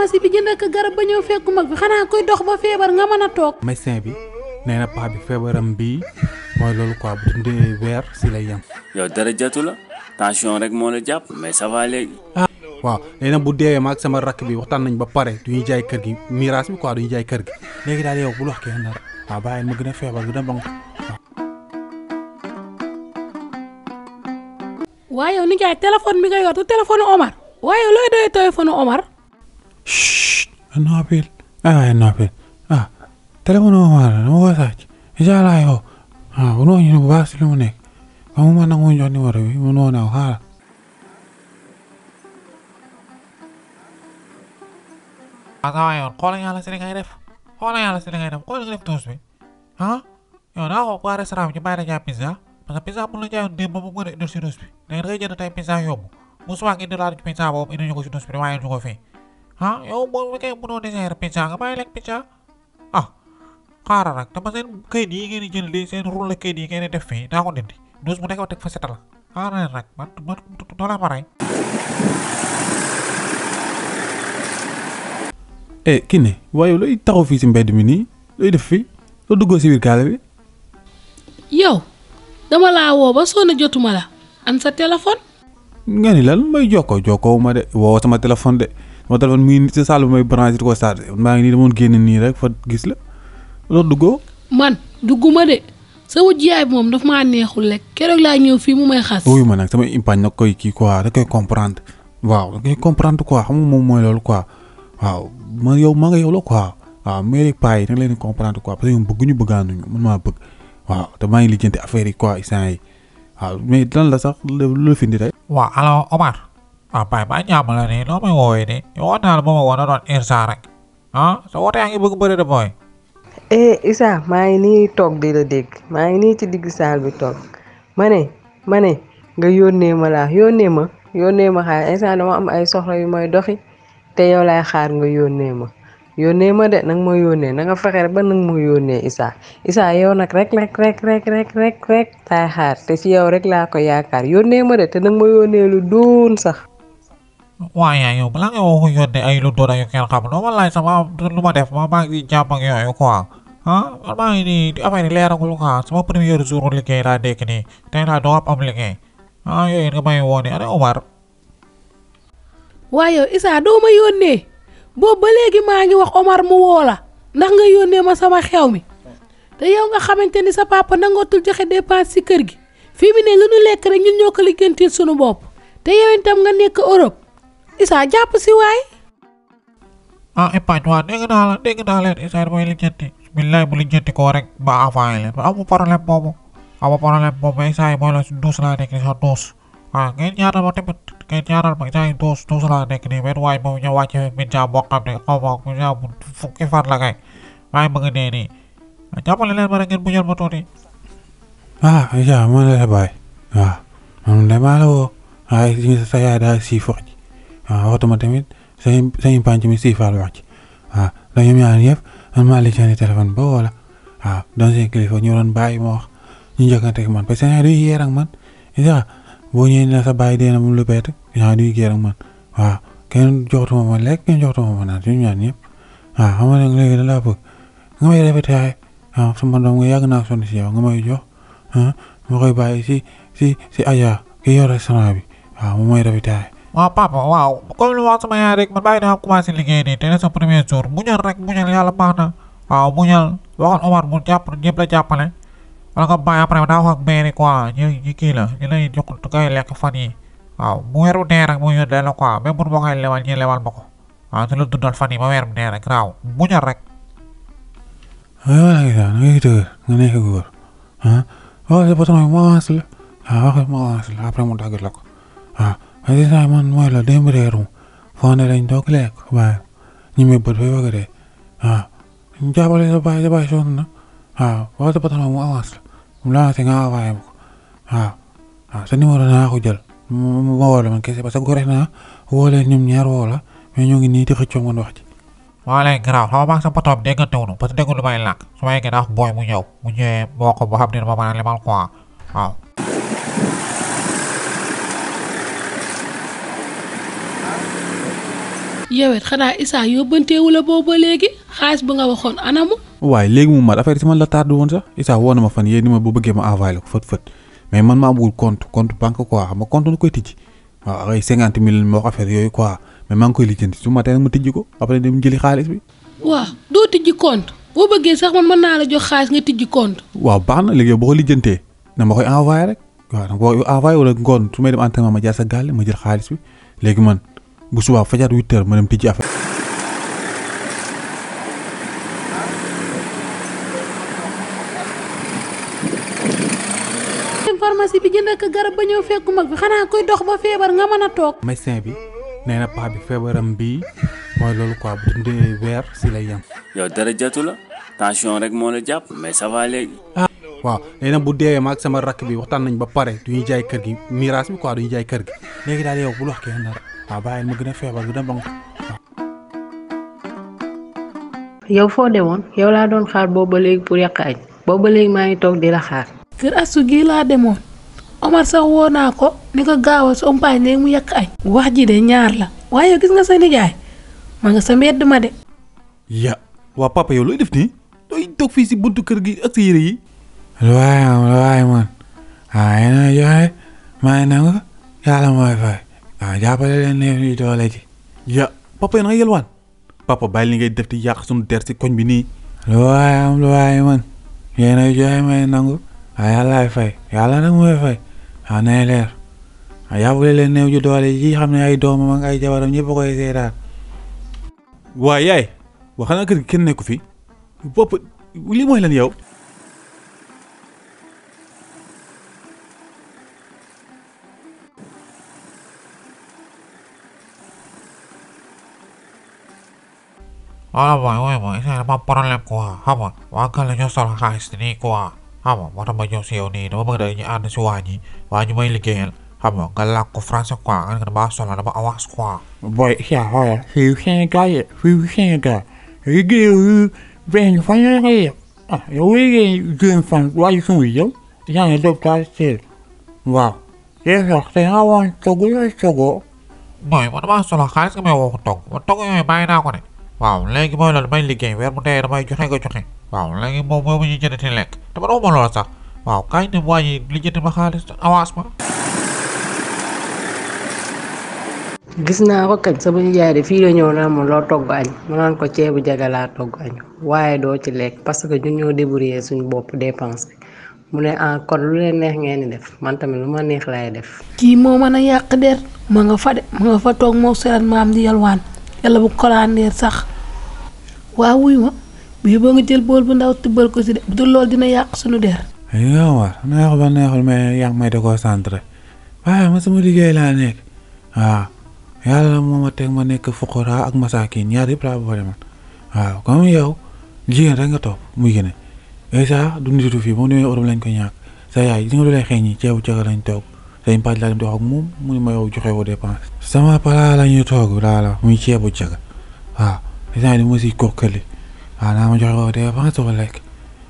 pharmacie bi jënd ak garab ba ñëw fekku mag bi xanaa koy dox ba feebar nga mën a toog. médecin bi nee paa bi feebaram bii mooy loolu quoi bu dundee weer si lay yem. yow dara jatu la tension rek moo la jàpp mais ça va léegi. Ah, waaw léegi bu deewee ma ak sama rakk bi waxtaan nañ ba pare du ñu jaay kër gi miraas bi quoi du ñu jaay kër gi léegi daal yow bu wax kenn dara waaw bàyyi ma gën a feebar gën a bon. waaye yow ni jaay bi nga yor du téléphone Şşşt. Nabil. Ah, Nabil. Ah. Telepono mara, no wasak. Ija la yo. Ah, a ni no basi lo nek. Kamu mana ngonjo ni wara wi, uno na hala. Ata yon, kola yang ala siling airef. Kola yang ala siling airef. Kola yang tus wi. Ha? Yon ako ko ara saram ci bayra ja pizza. Parce que pizza pun la jayon bu ngone do si dos bi. Da Ha? E, oh, umuwi kayo puno ni Sir Pizza. Kapahilig pizza. Ah. Kararak. Tapos yun, kayo di kayo ni John di kayo ni Defe. Nakon din. Nus mo na kayo tagfasa tala. Kararak. Mat, mat, tutula maray. Eh, waaye looy taxaw fii si mbedd mi nii looy def fii loo duggoo si biir bi. yow dama laa woo ba soo jotuma la am sa téléphone. nga ni lan may jokkoo jokkoo de woo sama téléphone de ma téléphone mi ngi ci salle bi may branché di ko chargé maa ngi nii dama génn nii rek fa gis la loolu duggoo. man dugguma de sama jiyaay bi moom daf maa neexul rek keroog laa ñëw fii mu may xas. wuyu ma nag sama impagne nag koy kii quoi da koy comprendre waaw da koy comprendre quoi moom mooy loolu quoi waaw ma yow ma nga yow la quoi waaw mais rek paa yi da nga leen comprendre quoi parce que ñoom bëgguñu bëggaanuñu man maa bëgg waaw te maa ngi lijjanti affaire yi quoi instant yi waaw mais lan la sax lu la fi indi tey. waaw alors Omar. Sampai banyak malah nih, lo mau ngoi nih. Yon hal sa wote ngi bëgg bëri de mooy. Issa maa ngi nii toog di la dégg maa ngi nii ci digg saal bi toog ma ne ma ne nga yónnee ma laa yónnee ma yónnee ma xaar instant dama am ay soxla yu may doxi te yow laay xaar nga yónnee ma. yónnee ma de nag ma yónnee na nga fexe ba nag ma yónnee Issa Issa yow nag rek rek rek rek rek rek xaar te ci yow rek laa ko yaakaar yónnee ma de te nag ma yónnee lu doon sax. waaye yow balaa nga ko yónnee ay lu doon ak yu kenn xamul ma laaj maa ngi jàpp ak yooyu ah, man maa ngi nii di affaire yi leeragul quoi sama premier jour liggéey laa dégg nii tey laa doog am liggéey ah, yooyu nga may woone ana Omar. waaye yow doo ma yónnee boobu ba léegi maa ngi wax Omar mu woo la ndax nga yónnee ma sama xew mi te yow nga xamante ni sa papa nangootul joxe dépense ci kër gi fii mu ne lu nu lekk rek ñun ñoo ko liggéentil bopp te yow itam nga nekk Europe. Isa jàpp si waay. ah Ipañ eh, waa dégg naa la dégg naa leen Isa mooy lijjanti billaay bu lijjanti koo rek ba avancé leen amu problème boobu amu problème boobu Isa mooy la duus laa nekk nii sa duus waaw ah, ngeen ñaanal ma tamit ngeen ñaanal ma Isa duus duus laa nekk nii benn waay moom ñu wàcc fi min jaa boo xam ne xaw ma min jaa bu fukki fan la kay waaye bëgg dee nii ah, jàppale leen ma rek ngeen buñal ma tuuti. ah Isa moo la baay waaw ah, man de maa la woo waaye sa yaay daal si fox waaw waxtuma tamit sëñ sëñ Panc mi siifaal wax ci waaw ndax ñoom ñaar ñëpp man maa leen seeni téléphone ba wala waaw doon seen kilifa ñu doon bàyyi ma wax ñu njëkkante ak man parce que ñaar duy yeer ak man isa boo ñëwee ne sa bàyyi dee na mu lu bett ñaar duy yeer ak ma lekk kenn joxtuma ma naan ñun ñaar ñëpp waaw xam nga léegi da laa bëgg nga may répété waaw sama naa sonn si yow nga may jox ah, ma koy bàyyi si si si Adja ki yore restaurant bi waaw moom mooy rafetaay waaw papa waaw comme li ma wax sama yaay rek man bàyyi naa commencé liggéey nii te ne sa premier jour muñal rek muñal yàlla baax na waaw ah, muñal waxoon Omar mu jàpp ñëpp la jàppale eh. wala nga bàyyi après daa wax kii la ñu lay lekk fan yi waaw mu weeru dee rek mu ñu dee la quoi même bu ma koy lewal ñu ko waaw te la dundal fan yi ba weer mu dee rek raaw muñal rek. nga nekk góor ah waaw sa patron bi mu avance la waaw wax ma avance la après mu dagg la ko waaw ay saa man mooy la démb reeru fonde lañ toog lekk waaye ñu muy bët bëgg dee waaw ñu sa baay sa na waaw waaw sa patron mu avance la mu nga envoyé ma ko sa numéro naa ko jël ma woo la gore naa woo leen ñoom ñaar woo la ngi nii di xëccoo man wax ci waa léegi garaaw xaw ma sa patron déggante wuñu parce que déggu lu may làkk su ma yeggee daa booy mu ñëw mu ñëwee boo ko boo xam ne ma mën a lebal quoi waaw yow it xanaa Issa yóbbanteewu la boobu ba léegi xaalis bu nga waxoon anamu. waaye léegi mu mat a yi si man la tardé woon sax Issa woo ma fan yéen ni ma bu bëggee ma envoyé la ko fët fët mais man maa bëggul compte compte banque ma affaire yooyu quoi mais maa ngi koy lijjanti su ma tee ma tijji ko après dem jëli xaalis man naa la xaalis nga tijji compte. waaw baax na léegi yow boo ko lijjantee na ma koy envoyé rek waaw nag boo envoyé wala ngoon su may dem entraînement ma jaar sa gàll ma jël xaalis bi léegi man bu subaa fajar huit heures ma dem tijji bi jënd bi xanaa koy dox ba feebar nga mën a toog. médecin bi nee na paa bi feebaram bi mooy loolu quoi bu dundee weer si lay yem. yow dara jatu la tension rek moo la jàpp mais ça va léegi. Ah, waaw léegi bu deewee ma ak sama rakk bi waxtaan nañ ba pare du ñuy jaay kër gi miraas bi quoi du ñuy jaay kër gi léegi daal yow bu wax kenn dara. waaw bàyyi mu gën a feebar gën yow laa doon xaar boobu ba léegi pour yàq añ boobu léegi maa ngi toog di la xaar. kër astu gii laa demoon Omar sax woo naa ko ni ko gaaw a sompaañ mu yàq añ. wax ji de ñaar la waaye gis nga sa nijaay ma nga sa mbedd ma de. ya waa papa yow looy def nii looy toog fii si buntu kër gi ak sa yére yi. waaye man waaye man waaye nag joxe maa ngi nangu mooy fay. ah jàppale leen ne doole ji. ya papa yéen a ngi yelwaan papa bàyyi li ngay def di yàq suñu der si koñ bi nii. lu waay am man yéen a joxe may ah, yàlla nag mooy fay ah nay leer ah, ji doole ji xam ne ay doomam ak ay jabaram ñëpp a koy seetaan. waaye yaay kër gi kenn nekku fi bopp li mooy lan yow. Ala voi voi voi, ah, se ei ole parallel kuva. Hava, vaikka jos olla haisti niin kuva. Hava, varmaan jos ei ole niin, mä mõtlen ja annan suani. Vai ju meille kiel. Hava, kalla kun fransa kuva, aina kun basolla nämä avas kuva. ne waaw léegi mooy loolu may liggéey weer bu dee damay joxe ko joxe waaw léegi moom moomu ñu jënd te lekk te man waxuma loolu sax waaw kaay dem waa ji li jënd ma xaalis avance ma. gis naa ko kañ sama nijaay de fii la ñëw naa ma loo togg añ mu naan ko ceebu jaga laa togg añ waaye doo ci lekk parce que ñun ñoo débrouillé suñu bopp dépense mu ne ah kon lu leen neex ngeen di def man tamit lu ma neex lay def. kii moo mën a yàq der ma nga fa de ma nga fa toog moo serat maam di yalwaan yàlla bu kolaandeer sax waa wuy ma boo nga jël bool bu ndaw tibbal ko si de bu dul dina yàq suñu der. yow war neexul ba neexul mais yaa ngi may déconcentré waaye ma sama liggéey laa nekk waaw yàlla moo ma teg nekk fuqara ak masaakin ñaar yëpp laa boole yow jigéen nga topp muy gën a et ça du nitu fii ba mu demee Europe lañ ko ñàkk sa yaay li nga doon lay xeeñ ñi ceebu caka lañ toog sëñ Ba di laa dem di mu ne ma yow joxe woo dépense sama palaa la ñuy toog laa la muy ceebu jaga waaw instant yii ma siy kokkali waaw naa ma joxe woo dépense wala lekk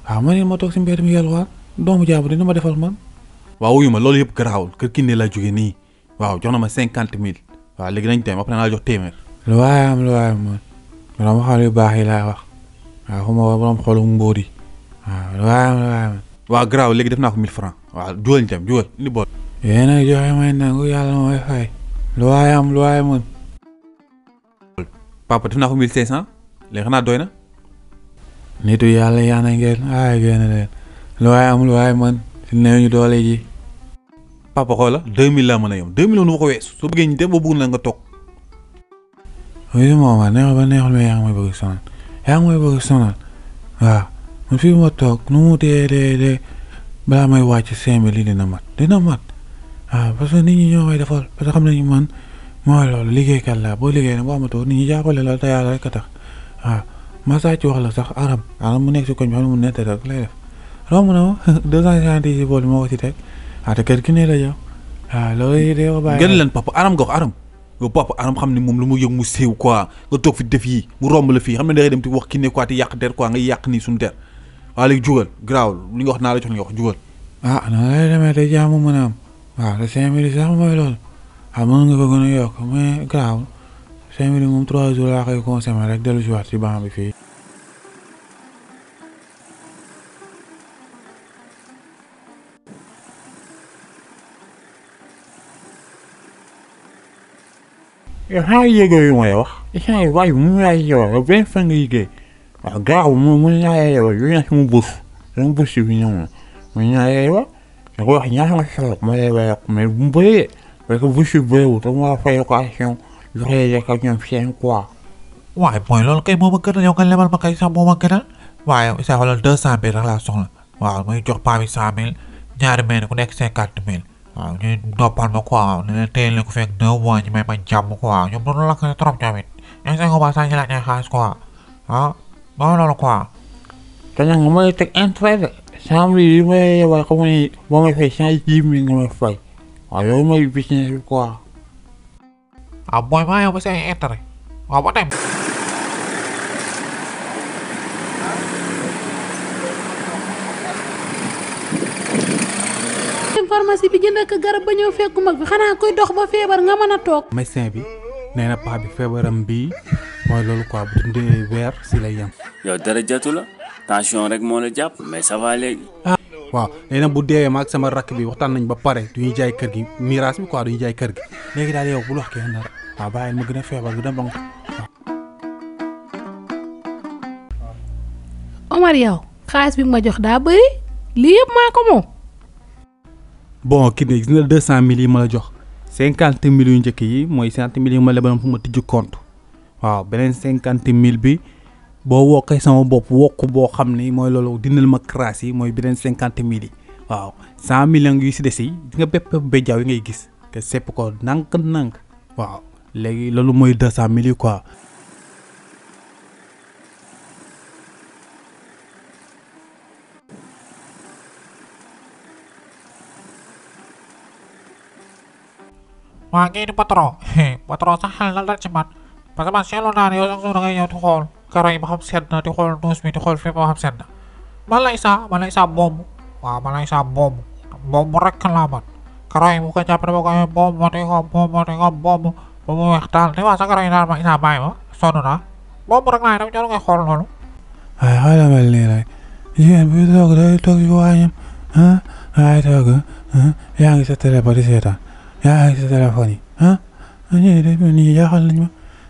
waaw man ma toog si mbedd mi yàlla waal doomu jaabu dina ma defal man. waaw wuyu ma loolu yëpp garaawul kër Kiné laa jógee nii waa jox na ma cinquante mille waaw léegi nañ dem après naa jox téeméer. lu waay am lu waay am man loolu ma yu baax yi laa wax waaw xuma ma borom yi waaw lu waay am lu waay am. waaw garaaw léegi def naa ko mille francs waaw jugal ñu dem jugal li bool. yéen a joxe may nangu yàlla mooy fay. lu waay am lu waay mën. papa def naa ko mille cinq cent léegi xanaa doy na. nitu yàlla yaa na ngeen ay génn leen. lu waay am lu waay mën si néew ñu doole ji. papa xoola deux mille laa mën a yom deux mille nu ma ko weesu soo bëggee ñu dem ba bëgg na nga toog. oui mooma neexul ba neexul mais yaa ngi may bëgg sonal yaa ngi may bëgg sonal waaw man fii ma toog nu mu dee dee dee balaa may wàcc cinq mille dina mat dina waaw ah, parce que nit ñi ñoo koy xam nañu man mooy loolu liggéeykat laa boo liggéey ne boo amatoo nit ñi jàppale la te yàlla rek a tax ah, ma wax la sax aram mu nekk na deux ko si teg ah te kër ne la yow waaw ah, loolu day ko aram nga wax aram nga xam ne moom lu mu yëg mu siiw quoi nga toog fi def yii la fii xam ne da ngay dem ki ne quoi te yàq der quoi suñu der waaw léegi jugal wax naa a am waaw ah, te cinq mille sax mooy loolu waaw mën nga ko gën a yokk mais garaawul cinq mille moom trois jours laa koy consommé rek dellu si waat si banc bi fii. yow xanaa yéegee yu may wax échange waaye mu ngi laaj yow yow benn fan nga liggéey waaw garaawul mu mu ngi laaj yow yow yaa ngi fi mu bës dama bës si bi ñëw na mu ngi laaj yow Agora, em relação ao meu mesmo bem, porque você veio, tem uma educação de rede que eu tinha qua. Uai, põe logo que mama que não leva uma coisa boa uma cara. Uai, isso é o lado da bem relação. Uai, mas eu para mim sabe, nyar men ku nek 50 mil. Uai, nem do pan mo qua, nem tem logo fek não vai me panchar mo qua. Eu não lá que troca já me. Eu sei como passar lá na casa qua. Ah, bora lá qua. Tenho uma tek entre Saam bi li may wax comme ni boo ma fay cent dix mille nga ma fay waaw loolu mooy business bi quoi. waaw booy maa yow ba sa intérêt waaw ba tey. bi jënd ak garab ba ñëw fekku mag bi xanaa koy dox ba feebar nga mën a toog. médecin bi nee paa bi feebaram bii mooy loolu quoi bu dundee weer si lay yem. yow dara la. tension rek moo la jàpp mais ça va léegi. Ah. waaw léegi bu deewee ma ak sama rakk bi waxtaan nañ ba pare du ñu jaay kër gi miraas bi quoi du ñu jaay kër gi léegi daal yow bu wax kenn dara waaw bàyyi a feebar gën a bon. Omar yow xaalis bi ma jox daa bëri lii yëpp maa ko moom. bon kii gis na deux cent mille yi ma la jox cinquante mille yu njëkk yi mooy cinquante mille yi ma lebaloon fu ma tijji compte waaw beneen cinquante mille bi. boo wokkee sama bopp wokk boo xam ni mooy loolu dindal ma crasse yi mooy beneen cinquante mille yi waaw cent millions yu si des yi di nga bépp ngay gis te sepp ko nànk-nànk waaw léegi loolu mooy deux cent mille yu quoi. waa kii di patron patron sax xel na la ci man parce que man seetlu naa ne yow sax da ngay ñëw di xool. karaw yi ba xam sedd na di xool douche bi di xool fépp ba xam sedd na Malaye Sa Malaye Sa boobu waaw Malaye Sa boobu boobu rek laa mën karaw yi bu ko jàppee ba ko amee boobu moo tax ko boobu moo tax ko boobu ba mu weex daal te waa sa karaw yi daal ma Isa bàyyi ma sonn naa boobu rek laa yéen a ngi koy xool noonu. waaye xoolal ma lii rek jigéen bi toog day toog ci waañam ah ay toog yaa ngi sa téléphone di seetaan yaa ngi sa téléphone yi ah ñii de ñii jaaxal nañ ma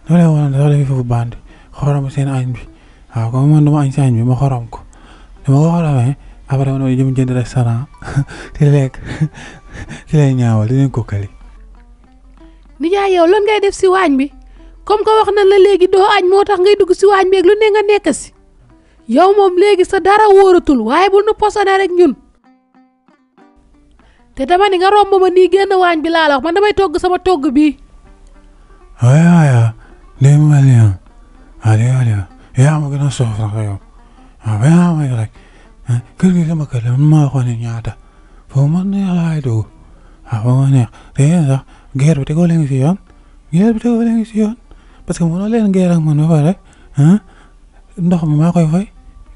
dama lay woon dafa def foofu bandi xorom seen añ bi waaw ma xorom ko dama ko xoromee après man ma jëm jënd restaurant di lekk di lay ñaawal di leen kokkali. nijaay yow lan ngay def si waañ bi comme que wax na la léegi doo añ moo tax ngay dugg si waañ bi ak lu ne nga nekk si yow moom léegi sa dara wóoratul waaye bu nu posone rek ñun. te dama ni nga romb ma nii génn waañ bi laa la wax man damay togg sama togg bii. waaye waaye allo allo yaa ma gën a soof sax yow waaw yaa ma rek kër gi sama kër la man maa waxoon ne ñaata foofu man neex laay dugg waaw foofu ma neex te yéen sax guerre bi tegoo si yoon guerre bi tegoo leen si yoon parce que mënoo leen guerre ak man ba pare ndox mu maa koy fay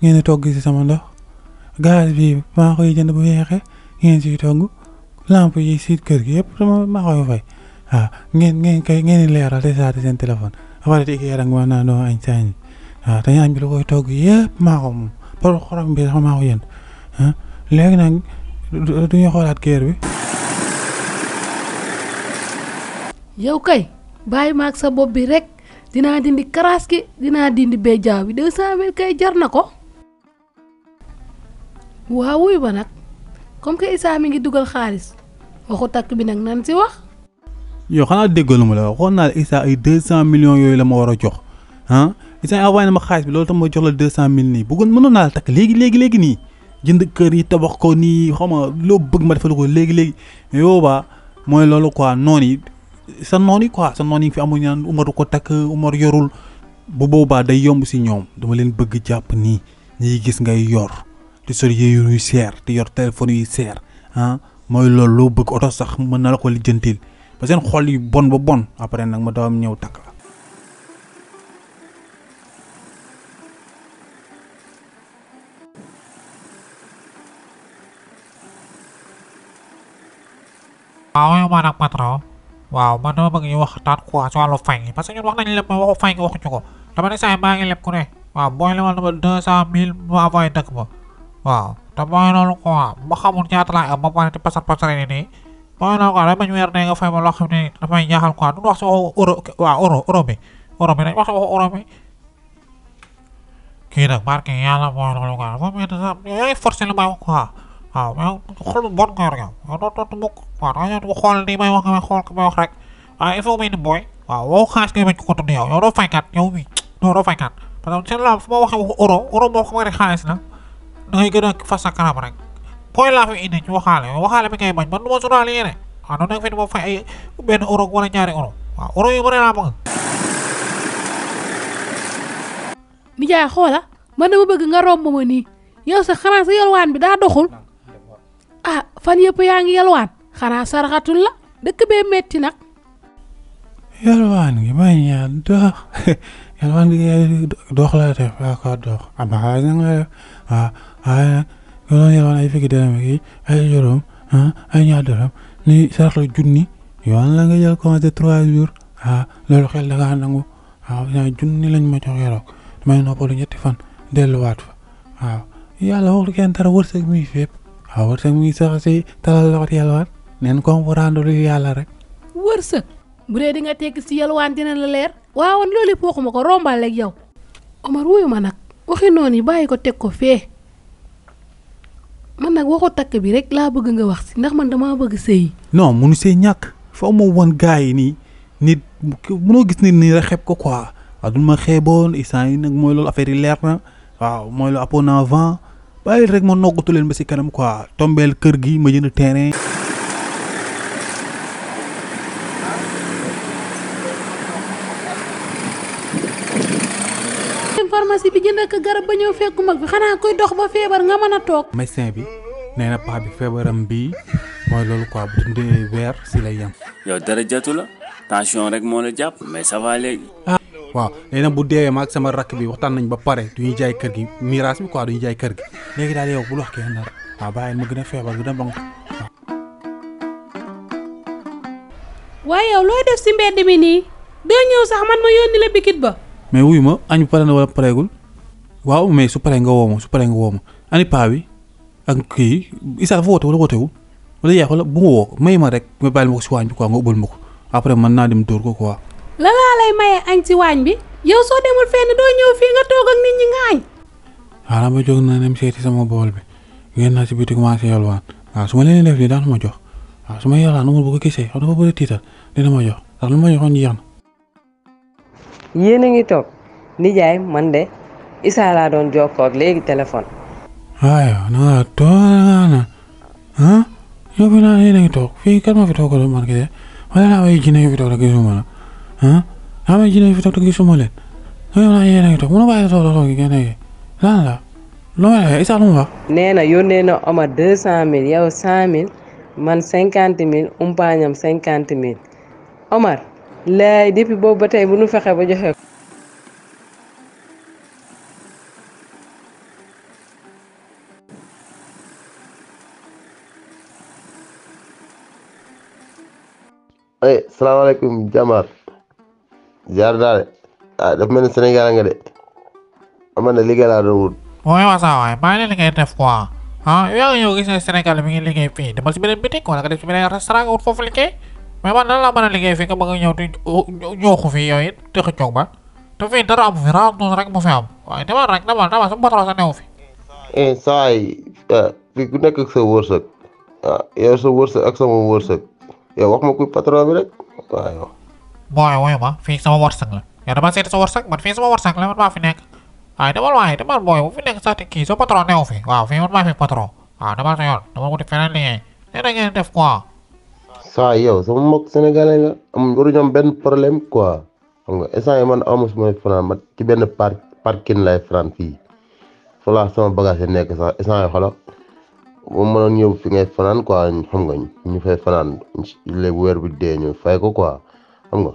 ngeen di togg si sama ndox gaz bi maa koy jënd bu yeexee ngeen siy togg lampe yi si kër gi yëpp maa koy fay waaw ngeen ngeen koy ngeen di leeral te saa seen téléphone. wax dëgg yàlla ngoon naa doon añ si añ te añ bi lu koy togg yëpp maa moom par xorom bi sax maa ko yéen ah, léegi nag du ñu xoolaat kër bi. yow kay bàyyi ma sa bopp bi rek dina dindi karaas ki dinaa dindi béjjaaw bi 200000 kay jar na ko. waaw wuy ba nag comme que Issa mi ngi dugal xaalis waxu takk bi nag nan si wax. yow xanaa déggoo lu ma la wax xool naa Issa ay deux cent millions yooyu la ma war a jox ah Issa envoyé na ma xaalis bi loolu tam ma jox la deux cent mille nii bëggoon mënoon naa la takk léegi léegi léegi nii jënd kër yi tabax ko nii xaw ma loo bëgg ma defal ko léegi léegi yoobaa mooy loolu quoi noon yi sa noon yi quoi sa noon yi fi amuñ naan Umar ko takk Umar yorul bu boobaa day yomb si ñoom dama leen bëgg jàpp nii ñiy gis ngay yor di sol yéeru yu seer di yor téléphone yu seer ah mooy loolu loo bëgg oto sax mën na la ko lijjantil ba seen xol yu bon ba bon après nag ma dawam ñëw takk la. waaw man dama bëgg ñu waxtaan quoi ci wàllu fay parce que ñun wax nañu lépp ma waxu fay waxuñu ko dama ne saa maa ngi lépp ku ne waaw booy lebal dama deux cent mille ma avoyé dëkk ba waaw te booy loolu quoi ma xamul ñaata laa am ma pare te pasar pasare nii. maanaam quoi dañ ma ñu weer ne nga fay ma loo xam ne dafay ñaaxal quoi du wax si waxu si waxu euro bi kii wax quoi waaw nga yor nga waaw doo nga ñëw xool li a fas rek point laa fay indi ci waxaale waxaale bi ngay bañ man du ma sóoraale yéen a waaw noonu da nga ma fay ay benn euro wala ñaari euro waaw euro yu bëri ma nii yow sa xanaa sa yalwaan bi daa doxul ah fan yëpp yaa ngi yalwaan xanaa saraxatul la dëkk bee metti nag. yalwaan gi may ñaan dox yalwaan gi dox la def waaw ko dox am na xaalis nga def ah, ah, loolu yoroon ay fukki dërëm ak ay juróom ah ay ñaar dërëm ni sarax la junni yoon trois jours ah loolu xel da nangu waaw junni lañ ma jox yoroon damay noppalu ñetti fan delluwaat fa waaw yàlla waxul kenn dara wërsëg mi fépp waaw wërsëg yàlla rek. wërsëg bu dee di nga tekki si yalwaan dina la leer. waaw loolu yëpp waxuma ko rombal ak yow Omar wuyu ma nag waxi noonu yi ko teg ko fee. man nag waxu takk bi rek laa bëgg nga wax si ndax man damaa bëgg sëy non munu sëy ñàkk faw ma wan gars yi nii nit munoo gis nit nii rek xeeb ko quoi waaw du ma xeeboon instant yi nag mooy loolu affaire yi leer na waaw mooy loolu apon avant bàyyi rek ma noggatu leen ba si kanam quoi tombeel kër gi ma jënd terrain pharmacie bi jënd ak garab ba ñëw fekku mag bi xanaa koy dox ba feebar nga mën a toog. messin bi nee na paa bi feebaram bii mooy loolu quoi bu dundee weer si lay yem. yow dara jatu la tension rek moo la jàpp mais ça va léegi. Ah. waaw léegi bu deewee ma ak sama rakk bi waxtaan nañ ba pare du ñuy jaay kër gi miraas bi quoi du ñuy jaay kër gi léegi daal yow bul wax kenn dara waaw bàyyi ma gën a feebar gën a bon waaye yow looy def si mbedd mi nii doo ñëw sax mais wuy ma añ pare na wala pareegul waaw may su paree nga woo ma su paree nga woo ma ani paa bi ak kii Issa dafa woote wala wootewul wala yaay wala bu ma woo may ma rek ma bàyyi ma ko si waañ bi quoi nga ubbal ma ko après man naa dem dóor ko quoi. la laa lay maye añ si waañ bi yow soo demul fenn doo ñëw fii nga toog ak nit ñi nga añ. waaw ma jóg naa dem seeti sama bool bi ngeen naa si biti commencé yalwaan waaw su ma leen def lii daan jox waaw su ma yalwaan amul bu ko gisee xam dafa bëri tiital dina ma jox ndax lu ma joxoon jeex na yéen a ngi toog nijaay man de Issa doon jokkoo léegi téléphone. waaw na nga toog na ah yow fi naa yéen a ngi fi toog ko man kese wala naa may jinne yu fi toog rek gisuma naa ah? may jinne yu fi toog rek gisuma leen yow naa yéen a ngi toog mën na bàyyi toog toog gi kenn gi lan la loo waxee Issa Omar deux cent mil yow cent mil man cinquante mil umpaañam cinquante mille Omar. laay depuis boobu ba tey mënu fexe ba joxe ko ay eh, salaamaaleykum jàmbaar jaar daal ah dafa mel ni Sénégal nga de aman na liggéey laa doon wut waaye waa saa waay bàyyi li ngay def quoi ah yow yaa ngi ñëw Sénégal mi ngi liggéey fii demal si beneen bitik wala nga def si beneen restaurant nga wut foofu liggéey mais man nan laa a liggéey fii nga bëgg a ñëw di ñoo ko fii yow it te xëccoog ba te fi raam noonu fi am waaye rek demal demal sa sa newu fi. eh saa ah, ah, ma kuy patron waaye wax. man fii sama man maa fi nekk waaye fi nekk fi man maa fi patron waaw demal sa yoon dama wuti feneen liggéey nee ngeen def quoi. saa yow sama mbokk sénégalais nga am waruñu benn problème quoi xam nga instant yi man amu su fanaan ma ci benn park parking lay fanaan fii fa laa sama bagage yi nekk sax instant yi moom mënoon ñëw fi ngay fanaan quoi xam nga ñu fay fanaan léegi weer bi dee ñu fay ko quoi xam nga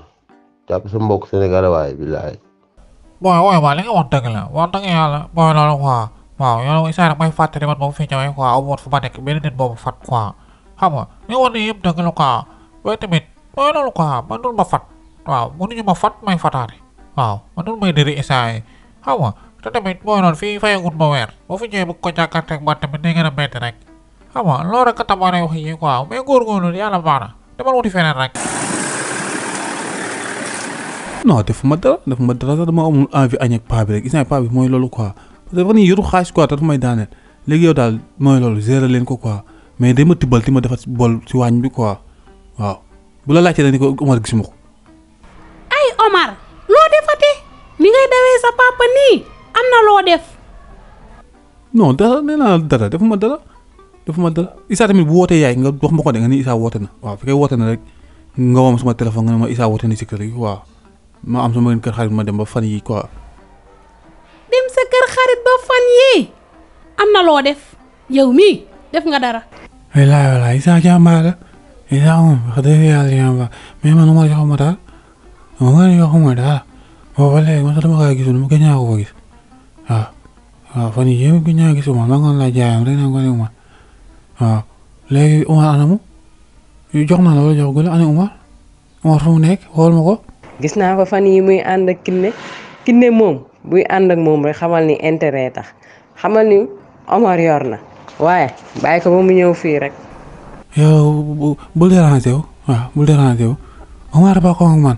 jàpp sa mbokk sénégalais waaye billaay. waaw waaw waaw li nga la wax dëgg yàlla booy loolu quoi waaw yow instant yi nag may fàttali man moom fii ñëwee quoi aw ma woon fu ma nekk benn xam nga ñëwoon ni yëpp dëgg la quoi waaye tamit mooy loolu quoi man dul ma fat waaw mënuñu ma tamit mooy loolu ko jàkkaarteeg a métti rek a tabaaree wax parce que dafa nii yoru xaalis quoi te dafa may daaneel léegi yow daal mooy loolu gérer leen ko quoi. mais day ma tibbal ti ma defar bool ci waañ bi quoi waaw bu la laajtee dañu ko Omar gisuma ko. ay Omar loo defate ni ngay dawee sa papa nii am na loo def. non dara nee naa dara defuma dara defuma dara Issa tamit bu wootee yaay nga wax ma ko de nga ni Issa woote na waaw fi kay woote na nga woom ma Issa woote na si kër gi waaw ma am sama kër xarit ma dem ba fan yi quoi. dem sa kër xarit ba fan yii am na loo def yow mii def nga dara. Helaas, helaas. Ik zag jou maar. Ik zag man noemt jou maar daar. Mijn man jou maar daar. Maar wel, ik moet er maar kijken. Ik moet kijken hoe het is. Ja. Ja, van die jeugd kun je kijken. Maar dan kan laat jij hem. Dan kan je maar. Ja. Leeg, Omar gis naa ko fan yi muy ànd ak kinne kinne moom buy ànd ak moom rek xamal ni intérêt tax xamal ni Omar yor na waaye bàyyi ko ba mu ñëw fii rek. yow bul déranger wu waaw bul déranger wu Omar ba ko ak man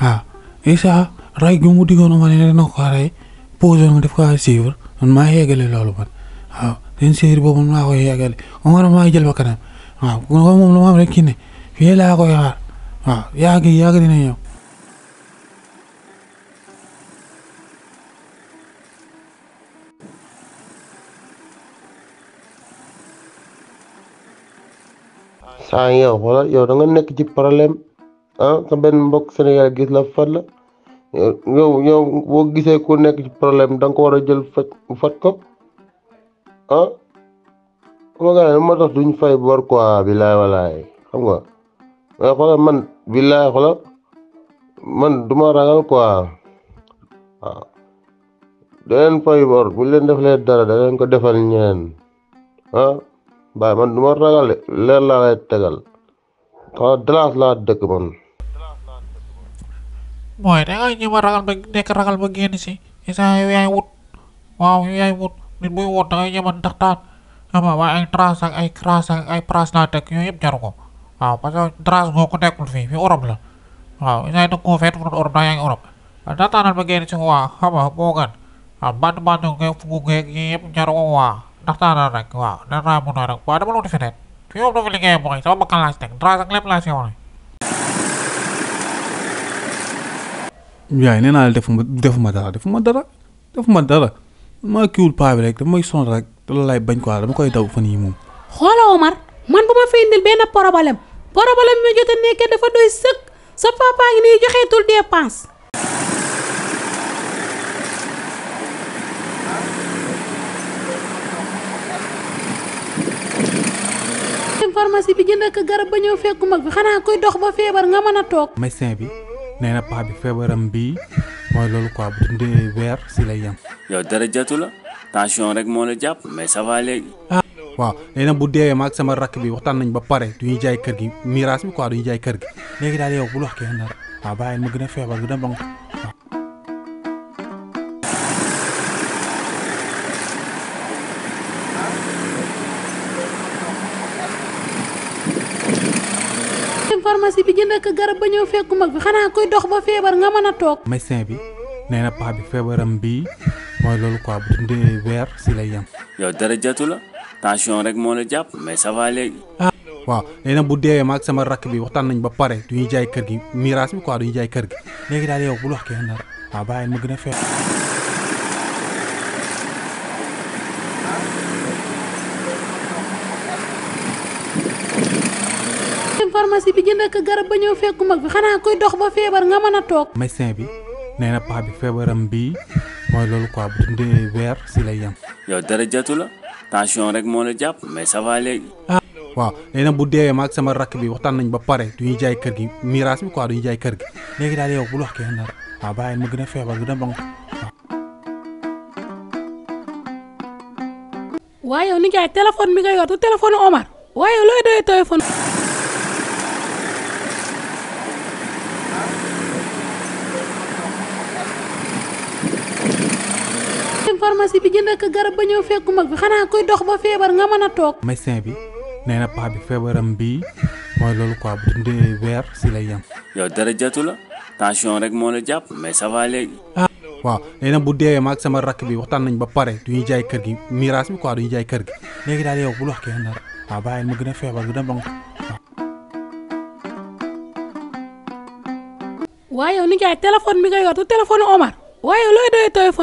waaw Issa ray gi mu diggoon Omar ne dina ko rey posé ma def ko à suivre man maa yeggale loolu man waaw seen série boobu man maa koy yeggale Omar maa jël ba kanam waaw moom la ma am rek fii laa koy yaa ngi yaa ngi dina ñëw. temps yow xoolal yow danga nekk ci problème ah, sa benn mbokk Sénégal gis la fat la yow yow boo gisee ku nekk ci problème da ko war a jël faj fat ko ah xam nga ne moo tax duñ fay bor quoi bilaay walaay xam nga mais xoolal man bilaay xoolal man duma ragal quoi da leen fay bor bu leen defalee dara da leen ko defal ñeneen ah. baay man du ma ragal leer laa lay tegal xaw dalaas laa dëkk man. mooy da ngay ragal ba nekk ragal ba génn si isa yaay wut waaw yow yaay wut nit buy wut da ngay ndaxtaan xam ay trace ak ay crasse ak ay prasse laa teg yooyu yëpp jaru ko waaw parce que trace ko nekkul fii fii Europe la waaw isa da koo fekk Europe da yaa ngi Europe ndaxtaanal ba génn si waa xam boo gan bant bant ngeeg fukk ngeeg yëpp jaru ko waa. ndax daanaka rek waaw danaa mun a rek waaw dama doon defi nekk fi moom dafa liggéeyam mooy sama bakkan laa si teg dara sax lépp laa si wane. yaay nee defuma defuma dara defuma dara defuma kiiwul paa bi rek dafa may sonn rek loolu laay bañ quoi dama koy daw fan yii moom. xoolal Omar man bu ma fi benn problème problème bi ma jot nekkee dafa doy sëkk sa papa ngi nii joxeetul dépense. pharmacie bi jënd ak garab ba ñëw fekku mag bi xanaa koy dox ba feebar nga mën a toog. messin bi nee na paa bi feebaram bii mooy loolu quoi bu dundee weer si lay yem. yow dara jatu la tension rek moo la jàpp mais ça va léegi. Ah. waaw léegi nag bu deewee ma ak sama rakk bi waxtaan nañ ba pare du ñuy jaay kër gi miraas bi ko du ñuy jaay kër gi léegi daal yow bul wax kenn dara waaw bàyyi ma gën a feebar gën a bon pharmacie bi jënd ak garab ba ñëw fekku mag bi xanaa koy dox ba feebar nga mën a toog. médecin bi nee na paa bi feebaram bii mooy loolu quoi bu dundee weer si lay yem. yow dara jatu la tension rek moo la jàpp mais ça va léegi. Ah. waaw léegi bu deewee ma ak sama rakk bi waxtaan nañ ba pare du ñuy jaay kër gi miraas bi ko du ñuy jaay kër gi léegi daal yow bul wax kenn dara waaw bàyyi ma gën a pharmacie bi jënd ak garab ba ñëw fekku mag bi xanaa koy dox ba feebar nga mën a toog. messin bi nee na paa bi feebaram bi mooy loolu quoi bu dundee weer si lay yem. yow dara jatu la tension rek moo la jàpp mais ça va léegi. Ah. waaw léegi bu deewee ma ak sama rakk bi waxtaan nañ ba pare du ñuy jaay kër gi miraas bi quoi du ñuy jaay kër gi léegi daal yow bul wax kenn dara waaw bàyyi gën a feebar gën a bon. nga waaye looy doy téléphone. jënd ak garab ba ñëw fekku mag bi xanaa koy dox ba feebar nga mën a toog. médecin bi nee na paa bi feebaram bii mooy loolu quoi bu dundee weer si lay yem. yow dara jatu la tension rek moo la jàpp mais ça va léegi. Ah. waaw léegi nag bu deewee ma ak sama bi waxtaan nañ ba pare du jaay kër gi miraas bi quoi kër gi léegi daal yow bul gën a feebar gën a téléphone bi nga yor du téléphone Omar waaye looy doy téléphone